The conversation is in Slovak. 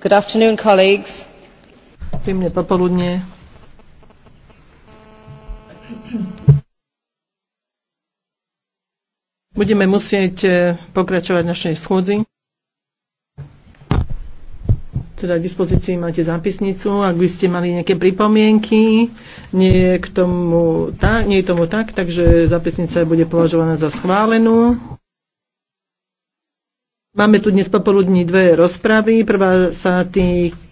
Good afternoon, colleagues. Príjemné popoludne. Budeme musieť eh, pokračovať v našej schôdzi teda k dispozícii máte zápisnicu. Ak by ste mali nejaké pripomienky, nie je, k tomu tak, nie je tomu tak, takže zápisnica bude považovaná za schválenú. Máme tu dnes popoludní dve rozpravy. Prvá sa tých